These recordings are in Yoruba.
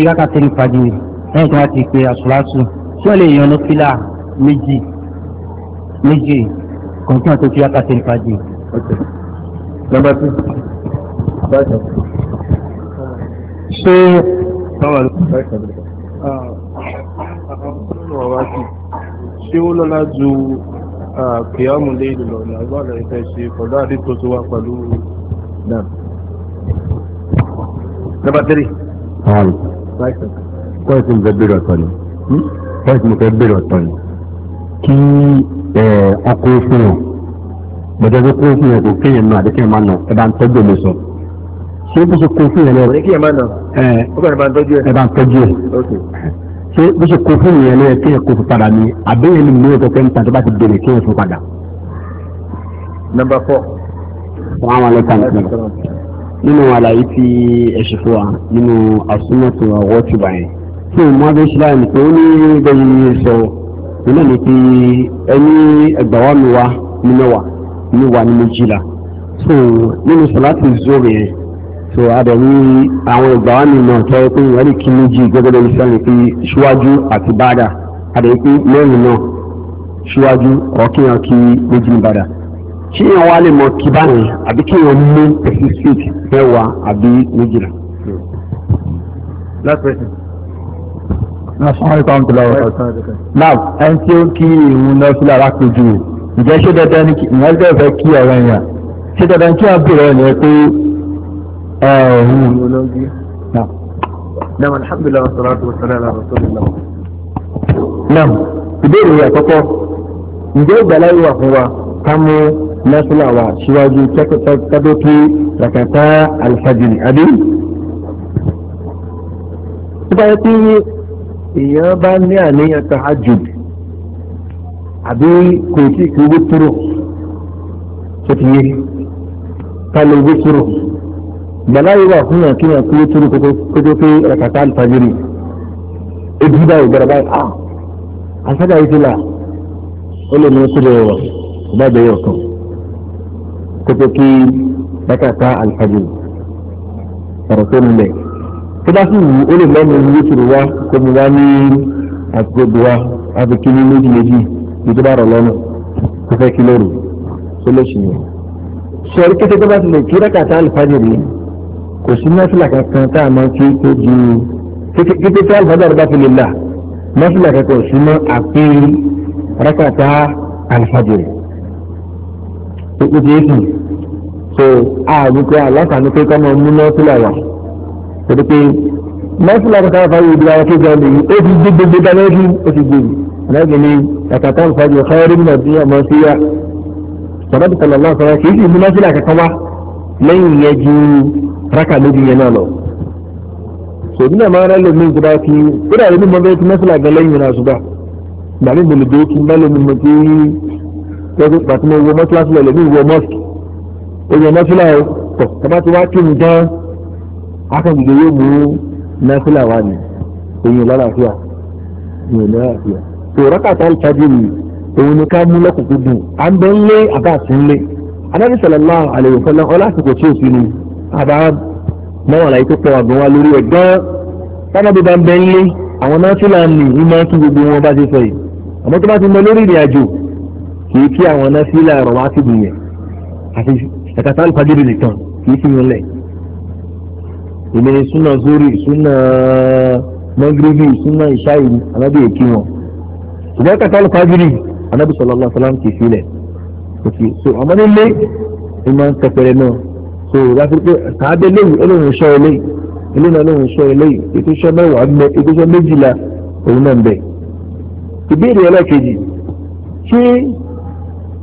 ìrákà tẹ́lẹ̀ fàjìrì lẹ́yìn tí wọ́n ti pe àṣùláṣù tí wọ́n lè yan ní fílà méjì méjì kan tí wọ́n tó fi ìrákà tẹ́lẹ̀ fàjìrì. nọ́mbà tí báyìí ṣe ṣé ó lọ́la ju kìámù ah, léèlì lọ ní àgbàlá ìfẹ́ ṣe pẹ̀lú àdìpọ̀ tó wà pẹ̀lú náà. nọ́mbà tẹ́lẹ̀ pọ́ìsì hmm? eh, mo fẹ́ bèrè ọ̀tọ̀ ni pọ́ìsì mo fẹ́ bèrè ọ̀tọ̀ ni kí ọkọ̀ fún yàn bọ̀dọ̀ tó kó fún yàn kò kéèyàn náà àdékèyàn máa nà ẹ bá ń tọ́jú omi sọ ṣé bó ṣe kó fún yàn lẹ́rọ àdékèyàn máa nà eh, ẹ bá ń tọ́jú ẹ ṣé bó ṣe kó fún yàn lẹ́rọ kéèyàn kó fún padà ni àbẹ́yẹn ni mo yẹ kó fẹ́ ń ta tó bá ti bèrè kéèyàn fún padà. number four. wàhálà lẹ́ka nìkan nínú àlàyé tí ẹ ṣe fún wa nínú àsúnmọ̀tò àwọ̀ tí wà yẹn tí o mọ abẹ́ ṣíláyà nìkan ó ní bẹ́ẹ̀ ni sọ nínú ní pé ẹni ẹgbàá mi wá ní mẹ́wàá ní wà ní méjìlá so nínú sọláàtì zoro yẹn so adẹ̀wí àwọn ẹgbàá mi náà tọ́ pé wọ́n lè kí méjì gẹ́gẹ́ bí sọ́ni pé ṣíwájú àti bàdà adẹ̀wí pé mẹ́rin náà ṣíwájú ọ̀kíyàn kí méjì bàdà kí yẹn wá lè mọ kí báyìí àbí kí yẹn mú specific mẹ́wàá àbí méjìlá. last question. asalaamualeykum wa rahmatulahi. now ẹni tí ó kí ìrun lọ sílẹ̀ alákòjú ìjẹ́ ṣé dandan ni ìyẹn bẹ́ẹ̀ fẹ́ kí ọ̀rọ̀ yẹn ṣé dandan kí wọ́n bèrè ẹ̀ pé ẹ̀ẹ́dùn. nam alhamdulilayi wa salatu wa salam ala rasulillah. nam ìbéèrè àkọ́kọ́ ǹjẹ́ ìgbàláyé wà fún wa ká mú násìlà wa síwájú kẹ́kọ̀ọ́ tó rakata alfajiri àbí. tó bá yẹ pé èèyàn bá ní àníyàn tahajjud àbí kò tí kì í wí tóró tó ti yé ká lè wí tóró gbàláyé wà fún yàn kí yàn kí wí tóró kó tó pé rakata alfajiri ebi báyìí gbàrà báyìí ah àṣàdá yìí ti là ó lè ní kúrò ẹwà ọba bẹ̀rẹ̀ ọ̀kan kótó kí lákàtà alhaji ọ̀rọ̀ tó lulẹ̀ tó bá sì wù ó lè lẹ́nu ní yóò wá kó mu wá ní àgbègbè wa àti kí ní méjì méjì ìdí bá rọ̀ lọ́nà tó fẹ́ kí lóru tó lè ṣì yẹn. sọ̀rọ̀ kété tó bá ti lè kí lákàtà alhaji rí kò sí nọ́fìlà kankan tá a máa kí tó ju kété tó alhaji rí bá fi lè là nọ́fìlà kankan ò sí mọ́ àpé rákàtà alhaji rí ó ti éèkì so ààbò pé aláǹfààní pé kọ́mọ mú nọ́ọ̀tìlà wà torí pé nọ́ọ̀tìlà kan sábà fáwọn ìdílé àwọn kéjọ nìyí ó ti gbé gbogbo dáná ó ti gbòòrò aláǹfààní ni àtàtà ìfàjò xẹ́rẹ́ nínú ọdún ọmọ sí wa sọ̀rọ̀ bí tọ̀lọ̀ náà sọ̀rọ̀ kì í sì mú nọ́ọ̀tìlà kankan wá lẹ́yìn yẹn ju rákà méjì yẹn náà lọ sòdí náà máa ń rálò mí ìjọba kí ó dàbí bí bẹ́ẹ̀ ti nọ́ọ̀tìlà gan lẹ́yìn ìrìn àṣùgbà gbàmí gbòlùdó kí bá lómi mo ti tẹ́gbẹ́ pàtó mo wo mọ́tíláṣí lọ lèmi wo mọ́ọ̀sì oyè mọ́tílá o tọ̀ tọ́ba tí wàá kírun gan akẹ́gbẹ̀gbẹ̀ yóò mú náfìlà wá ní oyè lálàáfíà oyè lálàáfíà tòrọ́ kàtà ìtajà yìí òun ni ká mú lọ́kùnkùn dùn à ń bẹ́ ń lé àbá àti ń lé anábì sọlọ́lá àlèyé fọlá ọlásìkò tí òfin ni àbá mọ́wọ́n àlàyé tó pọ̀ àgbọ̀n wa lórí ẹ̀ gan tábàbí bá ń bẹ́ ń lé àwọn náfìlà ni ìmọ̀ tún gbogbo wọn bá ti fẹ́ yìí àmọ́ tó bá ti mọ lórí ìrìn àjò kì í kí àwọn náà sí ilà ọ̀rọ̀ wá sí ìdìyẹ àti ẹ̀kátà alùpàdé rẹ̀ nìkan kì í fi yín lẹ̀ èmi ni súnà zori súnà mọ́gíríbì súnà ìṣáìlì anábì èkí wọn ṣùgbọ́n ẹ̀kátà alùpàdé rẹ̀ anábì sallallahu alaihi wasallam kì í fi òkè so àmọ́ nílé ìmọ̀ tẹ̀pẹ̀rẹ̀ náà so láti pé sàábẹ́ léyìí olóhùn iṣẹ́ eléyìí náà ń bẹ̀.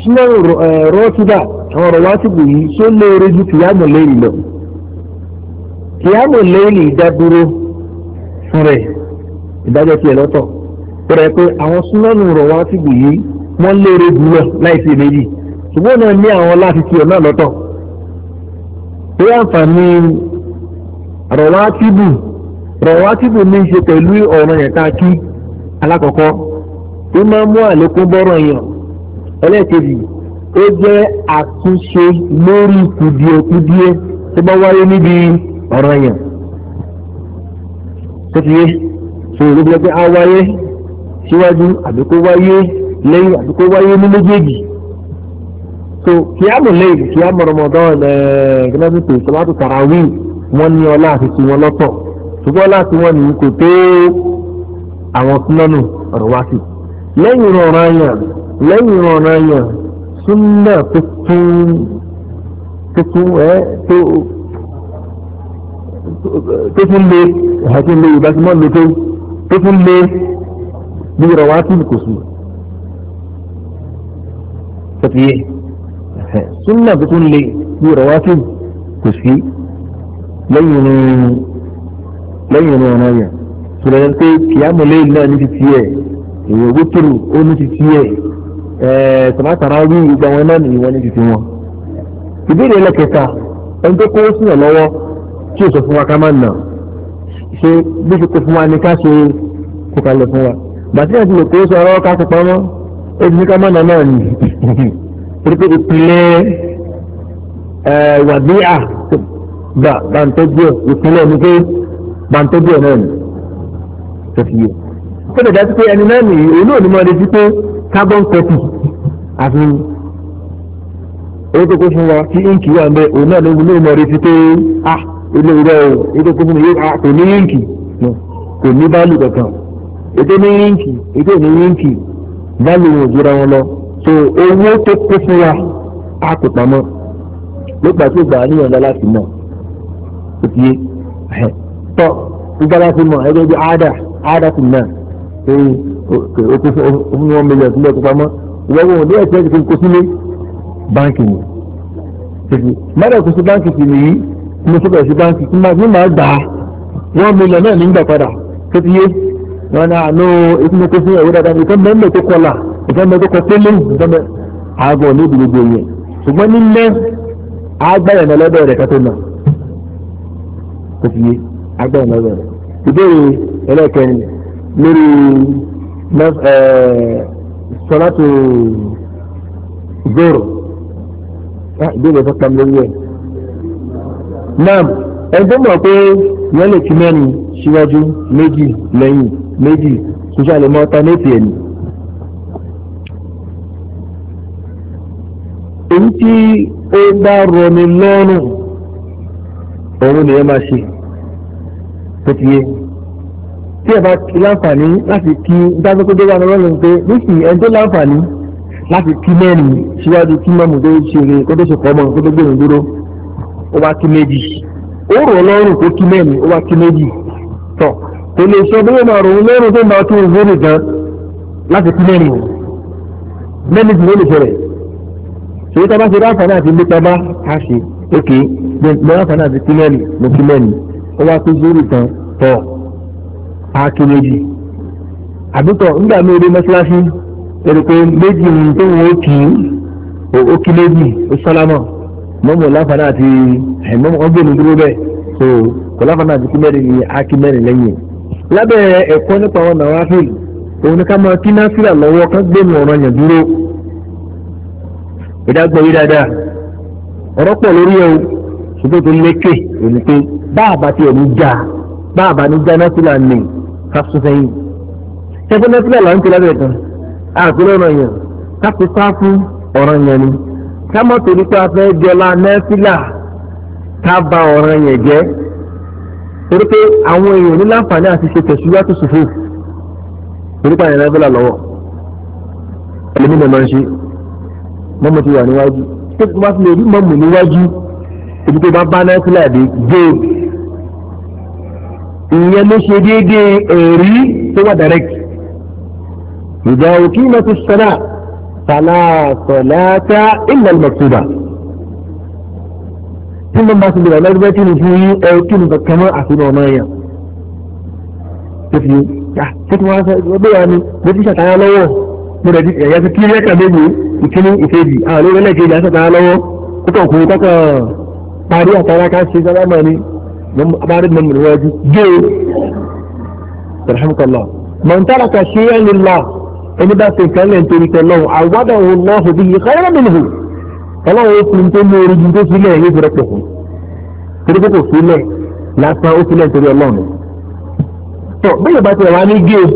súnmọ́ rọ́ọ̀tìdà àwọn ọ̀rọ̀ yi so tó lóore ju kìyàmù lọ kìyàmù lẹ́yìn ìdádúró fún re ìdájọ́ tiẹ̀ lọ́tọ̀ rẹ̀ pé àwọn súnmọ́ rọ̀ wáṣíbù yìí yi lóore jù lọ láìsí méjì ṣùgbọ́n náà ní àwọn láti tiẹ̀ náà lọ́tọ̀ pé àǹfààní ẹlẹ́ẹ̀kejì ó jẹ́ àtúnṣe lórí kùdìẹ̀kùdìẹ̀ tó bá wáyé níbi ọ̀rọ̀ yẹn tó ti yé so ló jẹ́ pé á wáyé síwájú àbí kó wáyé lẹ́yìn àbí kó wáyé ní méjèèjì so kí á mọ̀ lẹ́yìn kí á mọ̀ Ramadan gẹ́gẹ́ bí sọ́mátò tàràwí wọ́n ní ọlá àti tiwọn lọ́tọ̀ ṣùgbọ́n ọlá tiwọn nìyí kò tó àwọn súnmọ́nù ọ̀rọ̀ wá sí lẹ́yìn ọ̀rọ̀ ayàn lẹ́yìn ọ̀rọ̀ yàn súnlẹ̀ tuntun tuntun ẹ tó tó tún lé àti lé ìbáṣemọ́ lé tó tó tún lé bí ìrọ̀ wá sí kò sùn. Tẹ̀síyé súnlẹ̀ tó tún lé bí ìrọ̀ wá sí kò sí lẹ́yìn lẹ́yìn ọ̀rọ̀ yàn. Sùrẹ̀ pé kìámù náà ní ti tiẹ̀ èèyàn wótòrò ó ní ti tiẹ̀ tòmátàrà rí ìgbà wọn náà nìyí wọn ní títí wọn. ìbéèrè ẹlẹ́kẹta ẹni tó kówó sílẹ̀ lọ́wọ́ tí o sọ fún wa ká má nà ṣe bí ṣe kó fún wa ni ká ṣe kó kalẹ̀ fún wa. bàtí àti lè kówó sọ ọ̀rọ̀ ká kó pamọ́ ó ti ní ká má nà náà nì. pípé ìpìlẹ̀ wàdíà gbà bàǹtẹ́jọ́ ìpìlẹ̀ ni pé bàǹtẹ́jọ́ náà nì. kó tẹ̀síyè. kó tẹ̀síyè pé ẹni náà nìyí òun carbon copy àfi owó tó kó fún wa tí íǹkì wà ń bẹ náà ló ń lóun mọ̀ retí pé ah ilé ìrẹ́ o ètò kó fún mi yóò ah, kò ní íǹkì kò ní báàlù kankan ètò ní íǹkì ètò ní íǹkì báàlù wọn ò jura wọn lọ so owó tó kó fún wa á kò pamọ́ nígbà tó gbà á níyàn lọ láti mọ̀ kò tiye tọ́ nígbà láti mọ̀ ẹgbẹ́ bí áádà áádà ti mọ̀ o tó fún wọn mílíọ̀n tó lẹ́kọ̀ọ́ pamọ́ ìwọ́wọ́ òde ẹ̀tẹ́ ti fi kó sílé báńkì ni mẹ́rẹ̀ kó sí báńkì ti nìyí mo sọ bẹ̀rẹ̀ sí báńkì tí mo máa gbà wọ́n mílíọ̀n náà nígbà padà tó ti yé wọn náà àánú ìpínlẹ̀ kó sí ẹ̀wọ́ dáadáa nìkan mẹ́mẹ́ tó kọlà nìkan mẹ́mẹ́ tó kọ tẹ́lẹ̀ nìkan mẹ́ àgọ́ ní ìdílé gbòòyè ṣùgbọ́n nílẹ̀ agbáyàn lọ́dọ̀ rẹ̀ kátó náà tó ti yé agbáyàn lọ́dọ̀ rẹ̀ ìbéèrè ẹlẹ́kẹ̀rin lórí sọlátù eh, zoro ah, ìbéèrè tó kàn lórí ẹ̀ náà ẹgbẹ́ mọ̀ pé wọ́n lè kí mẹ́rin síwájú méjì lẹ́yìn méjì ṣíṣà lè mọ́ tánéètì ẹ̀ nìyí. èyí tí ó bá rọni lọ́rùn òun ni ẹ máa ṣe tó ti yé tí ẹ bá ti láǹfààní láti kí dájọ́kọ́jọ́ wà lọ́rọ́ lóun pé nísìnyí ẹni tó láǹfààní láti kí mẹ́rin síwájú kí mọ́mù tó ṣeré kó tó ṣèkọ́ mọ́ kó tó gbèrò dúró ó wá kí méjì ó rọ̀ lọ́rùn kó kí mẹ́rin ó wá kí méjì tọ̀ kò lè sọ bóyá máa ròun lọ́rùn tó máa tó ìwé nìkan láti kí mẹ́rin o mẹ́rin ti ló lè fẹ̀rẹ̀ ṣèyí tá a bá ṣe láǹfààní àti ilé tá a bá a ṣe ókè mo láǹfààní àti kí mẹ́rin mo kí mẹ́rin ó wá kí zúrù kan tọ̀ akin méjì àbútọ̀ nígbà mi rí mọ́ṣáláṣí lórí pé méjì ni tó wọ́n kì í ó kí méjì ó sálámọ̀ mọ́mọ́ láǹfààní àti ẹ̀mọ́mọ́ ọgbẹ́ni dúró bẹ́ẹ̀ so kò láǹfààní àti kí ni akin lẹ́yìn lábẹ́ ẹ̀kọ́ nípa àwọn nàwáfíì òun ni ká máa kí lọ́wọ́ ká gbé mi o ṣùgbọ́n tó lékè pé bá àbá ní já káfù sẹ́yìn ṣẹ́gun nẹ́tílẹ̀ là ń tilẹ̀ bẹ̀rẹ̀ kan àgbélé ọ̀rọ̀ yẹn káfù sáfù ọ̀rọ̀ yẹn ni kámọ́ torí pé a fẹ́ jọlá nẹ́tílà ká ba ọ̀rọ̀ yẹn jẹ́ torí pé àwọn èèyàn ní láǹfààní àti ṣe tẹ̀síwá tó ṣòfò torí pé àyàn nẹ́tílà lọ́wọ́ ẹlẹ́mí lè máa ń ṣe mọ́mọ́ ti wà níwájú tó bá fi lè rí mọ́mù níwájú ibi tó bá bá nẹ́tílà dé géèkì e ìyẹn ló ṣe déédéé ẹ̀rí tó wà direct ìjà òkè mẹ́tò sọ́nà fàlà sọ̀láta illa al-maktuba tí mo bá ti bẹ̀rẹ̀ lọ́dún tí mo fún yín ẹ kí ni kankan mọ́ àfihàn ọmọ yẹn tó fi yá ah, tó ti wá sọ ọgbẹ́ yà ni mo ti ṣàtàyà lọ́wọ́ mo rẹ̀ di ẹ̀yà ti kiri ẹ̀ka méjì ìkíní ìkejì àwọn olórí ẹlẹ́kejì àṣàtàyà lọ́wọ́ kókò kò kọ́kọ́ parí àtàrà ká ṣe sábà mọ́ ni abárí mọ́mú níwájú gé e alhamdulilah mọ̀ntàlàkà ṣe é lílá ẹni bá ṣe nǹkan lẹ́yìn torí tọ́lọ́hùn àwádà òun náà fò bí ìkọ́yọ́ mẹ́lẹ̀ hù ọlọ́run ó fi ń tó mú orí ju tó sílẹ̀ yóò fi rẹ́pọ̀ fún torí pé kò sílẹ̀ lásán ó sílẹ̀ torí ọlọ́run tọ́ bẹ́ẹ̀ bá ti wà ní gé e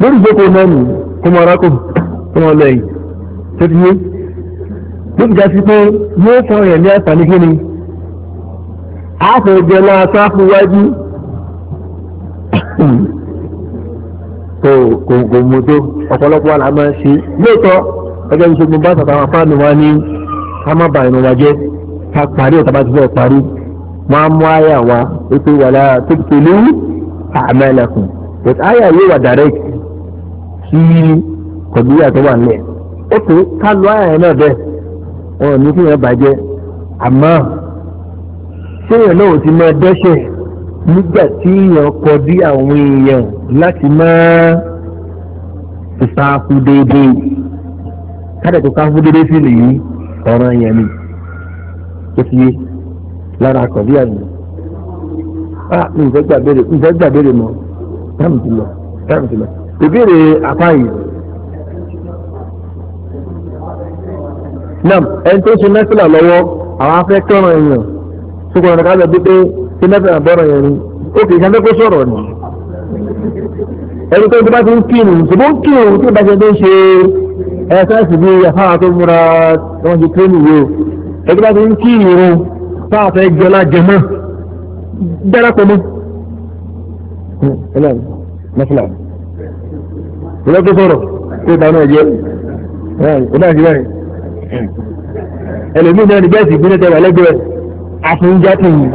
lórí ìjókòó náà nù kó mọ arákò kó mọ lẹ́yìn tó ti yé ló ti já sí pé yóò fọ àfẹ̀jẹ̀ náà sáfù wájú tó kò mú tó ọ̀pọ̀lọpọ̀ àlà máa ń ṣe lóòótọ́ ẹgbẹ́ ìṣe gbogbo àtàtà àwọn afáàmì wa ní ká má ba ìrìn wa jẹ́ ká parí ọ̀tá bá ti fẹ́ parí wọ́n á mú àyà wa wípé wàlá tó ti lé àmẹ́lẹ̀kùn but àyà yóò wà direct sí kọ̀bíyà tó wà nílẹ̀ ó pé ká lọ àyà yẹn náà bẹ́ẹ̀ wọn ò ní kí yẹn bàjẹ́ àmọ́ ṣéèyàn náà ò ti máa dẹ́ṣẹ̀ nígbà tí èèyàn kọ bí àwọn èèyàn láti máa ìsàkú déédéé kádà tó káfú déédéé sí lèyí ọ̀ràn èèyàn ni ó ti yé lára akọ̀ bí àná a ah, nǹkan gbàgbére nǹkan gbàgbére mọ táàmù ti lọ táàmù ti lọ ìbéèrè apá yìí. nam ẹni tó ṣe mẹ́sìlá lọ́wọ́ àwọn afẹ́ kọ́ran èèyàn gbogbo ọ̀nà kájọ bí pé kí mẹ́fẹ̀ẹ́ àbọ̀rọ̀ yẹn ni ó kì í ṣe kó sọ̀rọ̀ ni ẹni tó ń bá ti ń kírù ṣùgbọ́n kírù tí ìbáṣẹ tó ń ṣe ẹ̀ẹ́sẹ̀sì bí afáà tó múra tó ń ṣe tírénì yìí o ẹni tó bá ti ń kírù o táà fẹ́ jọlá jẹmọ́ dára pẹ̀lú ẹlẹ́yìn mẹ́fìlá ìlọ́kẹ́ sọ̀rọ̀ tó ìbáná ẹ̀jẹ̀ ẹ̀ẹ́dá ìṣẹ́ báyìí ẹlòmíràn ni bẹ́ẹ̀ sì gbé àti ń jẹ́ tìyí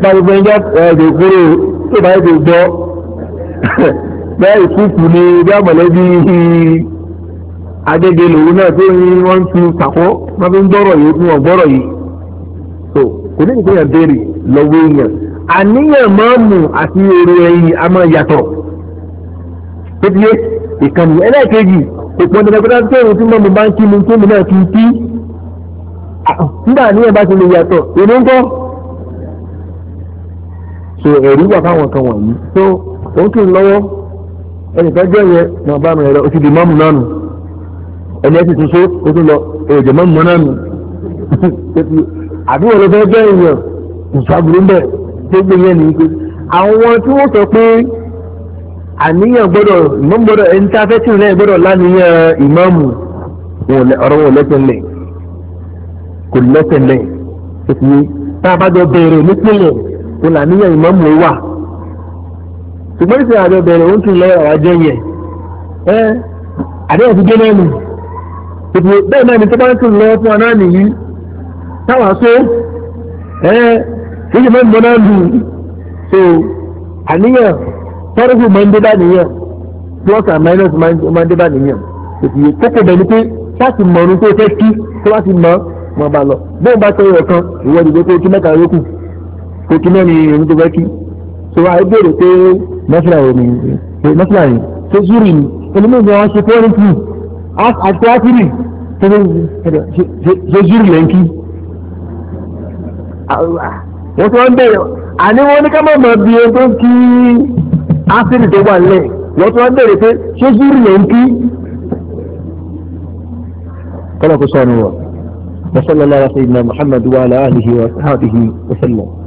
gbàgbọ́ ń jẹ́ ẹ̀ẹ́dẹ̀ kúrò tó bá yẹ kó gbọ́ bẹ́ẹ̀ ìkúùkù ni bí àmọ̀lẹ́bí agége lòun náà tó ní wọ́n ń tu sàkó wọ́n fi ń gbọ́rọ̀ yìí fún ọ̀gbọ́rọ̀ yìí so kò ní ìpínyà béèrè lọ́wọ́ èèyàn àníyàn máa mú àti èrò ẹ̀yìn a máa yàtọ̀ tó fi yé ìkànnì ẹlẹ́ẹ̀kejì kò pọ̀ nígbà tó ń tẹ̀wọ̀n tí mọ́mú bá ń kí mi tó mi náà fi kí nígbà níyẹn bá ti lè yàtọ̀ èmi ń kọ́ so ẹ̀rí wà fáwọn kan wọ̀nyí so òun kì í lọ́wọ́ ẹnìkan jẹ́ yẹn ọba mi rẹ̀ o ti di mọ́mù náà nù ẹni ẹ ti tún so tún lọ mọ́mù náà nù ló fẹ́ jẹ́ èèyàn ìṣàbùrú bẹ́ẹ̀ tó gbé yẹn nìyí pé àwọn tí wọ́n sọ pé àníyàn gbọ́dọ̀ gbọ́dọ̀ ẹni tí a fẹ́ tì kò lẹ́sẹ̀ lẹ̀ ṣèṣì tá a bá jọ bẹ̀rẹ̀ nípìnlẹ̀ kò làníyàn ìmọ̀mù wà ṣùgbọ́n ìṣe àjọ bẹ̀rẹ̀ ó ń tún lọ́wọ́ àwọn ajẹ́ yẹn ẹ àdéhùn ti dé náà nù ṣèṣì bẹ́ẹ̀ náà ni tó bá ń tún lọ́wọ́ fún ọ náà nìyí táwa so ẹ ṣèṣì mọ́mù náà lù so àníyàn tọ́rọ́fù máa ń dé bá nìyàn plus and minus máa ń dé bá nìyàn ṣèṣì kókò bẹ̀ ni pé láti mọ̀ ọ́nù tó fẹ́ kí tó bá ti mọ̀ ọ́ mọ́ bá lọ bóun bá tẹ́yọ̀ ẹ̀kan ìwọ dìde pé kí mẹ́ta yókù kò kí mẹ́rin ìrìn tó fẹ́ kí so àì béèrè pé mẹ́fìlà òní mẹ́fìlà yìí tó zúrì ní onímọ̀ wọn ṣe fẹ́rin kù àti ákìrì tó zúrì lẹ́ńkì wọ́n ti wọ́n bẹ̀rẹ̀ àní wọ́n ní ká má mọ̀ bí ohun tó ń kí ákìrì tó wà lẹ̀ wọ́n ti wọ́n bẹ̀rẹ̀ pé ṣé zúrì lẹ́ńkì kọ́lọ̀ kó sọ̀rọ̀ wọ̀. وصلى الله على سيدنا محمد وعلى آله وأصحابه وسلم